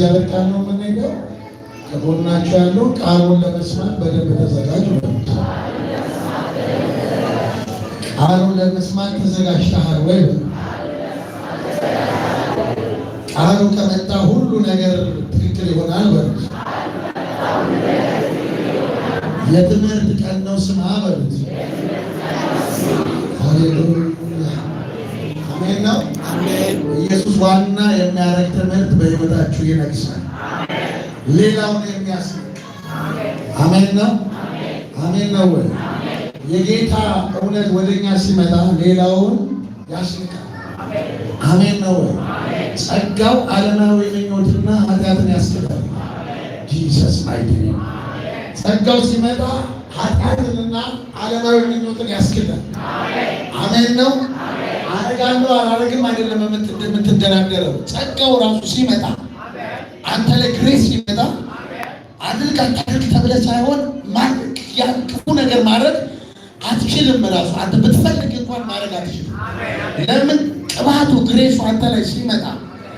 የእግዚአብሔር ቃል ነው የምንሄደው። ከጎናቸው ያሉ ቃሉን ለመስማት በደንብ ተዘጋጅ። ቃሉን ለመስማት ተዘጋጅተሃል ወይ? ቃሉ ከመጣ ሁሉ ነገር ትክክል ይሆናል። በ የትምህርት ቀን ነው፣ ስማ በሉት። ሃሌሉያ አሜን ነው ኢየሱስ ዋና የሚያረግ ትምህርት በህይወታችሁ ይነግሳል። ሌላውን የሚያስነቅ አሜን ነው። አሜን ነው ወይ? የጌታ እውነት ወደኛ ሲመጣ ሌላውን ያስንቃል። አሜን ነው ወይ? ጸጋው ዓለማዊ ምኞትና ኃጢአትን ያስክዳል። ጂሰስ ማይቲ ጸጋው ሲመጣ ኃጢአትንና ዓለማዊ ምኞትን ያስክዳል። አሜን ነው አደርጋለሁ አላደርግም አይደለም የምትደናገረው። ጸጋው ራሱ ሲመጣ አንተ ላይ ግሬስ ሲመጣ አድርግ አታድርግ ተብለ ሳይሆን ማድረግ ያን ክፉ ነገር ማድረግ አትችልም። ራሱ አንተ ብትፈልግ እንኳን ማድረግ አትችልም። ለምን ቅባቱ ግሬሱ አንተ ላይ ሲመጣ